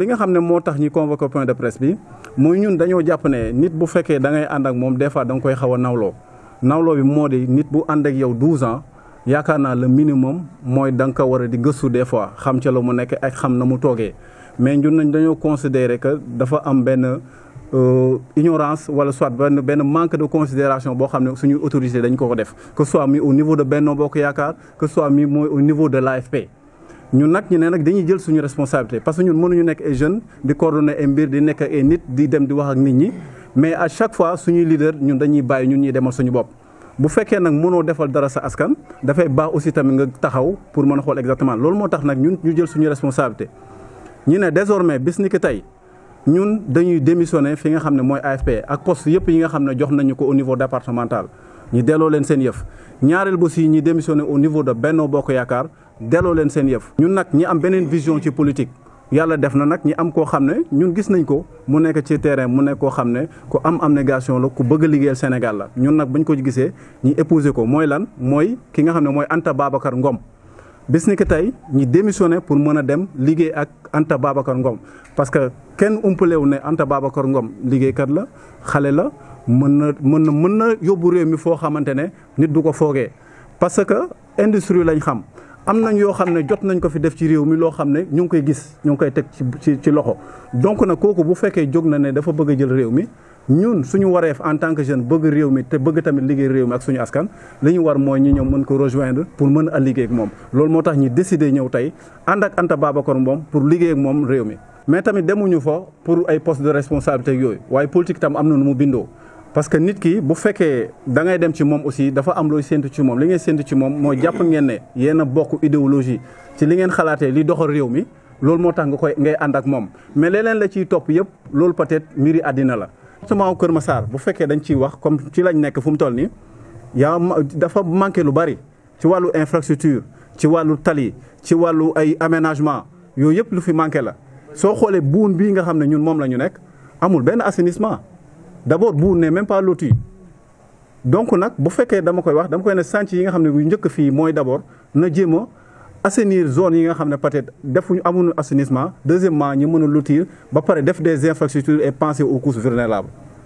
li nga xam ne moo tax ñi convoqué point de presse bi mooy ñun dañoo jàpp ne nit bu fekkee da ngay ànd ak moom des fois da koy xaw a nawloo nawloo bi moo di nit bu ànd ak yow 12 ans yaakaar naa le minimum mooy da nga ko war a di gëstu des fois xam ca la mu nekk ak xam na mu toogee mais ñun nañ dañoo considérer que dafa am benn euh, ignorance wala soit benn benn manque de considération boo xam ne suñuy autorité dañ ko ko def que soit mi au niveau de Benno Bokk Yaakaar que mi mooy niveau de l'AFP ñun nag ñu ne nag dañuy jël suñu responsabilité parce que ñun mënuñu nekk ay jeunes di coordonner ay mbir di nekk ay nit di dem di wax ak nit ñi mais à chaque fois suñuy leader ñun dañuy bàyyi ñun ñuy suñu bopp. bu fekkee nag mënoo defal dara sa askan dafay baax aussi tamit nga taxaw pour mën a xool exactement loolu moo tax nag ñun ñu jël suñu responsabilité ñu ne désormais bis ni tey ñun dañuy démissionner fi nga xam ne mooy AFP ak poste yëpp yi nga xam ne jox nañu ko au niveau départemental ñu delloo leen seen yëf ñaareel ba si ñu démissionner au niveau de Benno Bokk Yaakaar delloo leen seen yëf. ñun nag ñi am beneen vision ci politique yàlla def na nag ñi am koo xam ne ñun gis nañ ko mu nekk ci terrain mu nekk koo xam ne ku am am abnégation la ku bëgg a liggéeyal Sénégal la ñun nag buñ ko gisee ñu épouser ko mooy lan mooy ki nga xam ne mooy Anta Babacar Ngom. bis tey ñi démissionné pour mën a dem liggéey ak Anta Babacar Ngom parce que kenn umpalewu ne Anta Babacar Ngom liggéeykat la xale la mën na mën na mën na yóbbu réew mi foo xamante ne nit du ko foogee parce que industrie lañ xam. am nañ yoo xam ne jot nañ ko fi def ci réew mi loo xam ne ñu ngi koy gis ñu ngi koy teg ci ci loxo donc na kooku bu fekkee jóg na ne dafa bëgg a jël réew mi ñun suñu wareef en tant que jeune bëgg réew mi te bëgg liggéey réew mi ak suñu askan li ñu war mooy ñi ñëw mën ko rejoindre pour mën a liggéey ak moom loolu moo tax ñu décidé ñëw tey ànd ak Anta Babacar moom pour liggéey ak moom réew mi mais tamit demuñu fa pour ay poste de responsabilité yooyu waaye politique tam am na nu mu bindoo parce que nit ki bu fekkee dangay dem ci moom aussi dafa am looy séntu ci moom li ngay séntu ci moom mooy jàpp ngeen ne yenn bokk idéologie ci li ngeen xalaatee li doxal réew mi loolu moo tax nga koy ngay ànd ak moom mais leneen la ciy topp yëpp loolu peut-être mbiri àddina la. sama Kër Massar bu fekkee dañ ciy wax comme ci lañ nekk fu mu toll nii yaa dafa manqué lu bari ci wàllu infrastructure ci wàllu tali ci wàllu ay aménagement yooyu yëpp lu fi manqué la soo xoolee buun bii nga xam ne ñun moom la ñu nekk amul benn assainissement. d'abord Mbour ne même pas loti donc nag bu fekkee dama koy wax dama koy ne sànc yi nga xam ne bu njëkk fii mooy d'abord na jéema a zone yi nga xam ne peut-être defuñu amuñu assainissement deuxièmement ñu mën a lotir ba pare def des infrastructures et penser aux couches vulnérables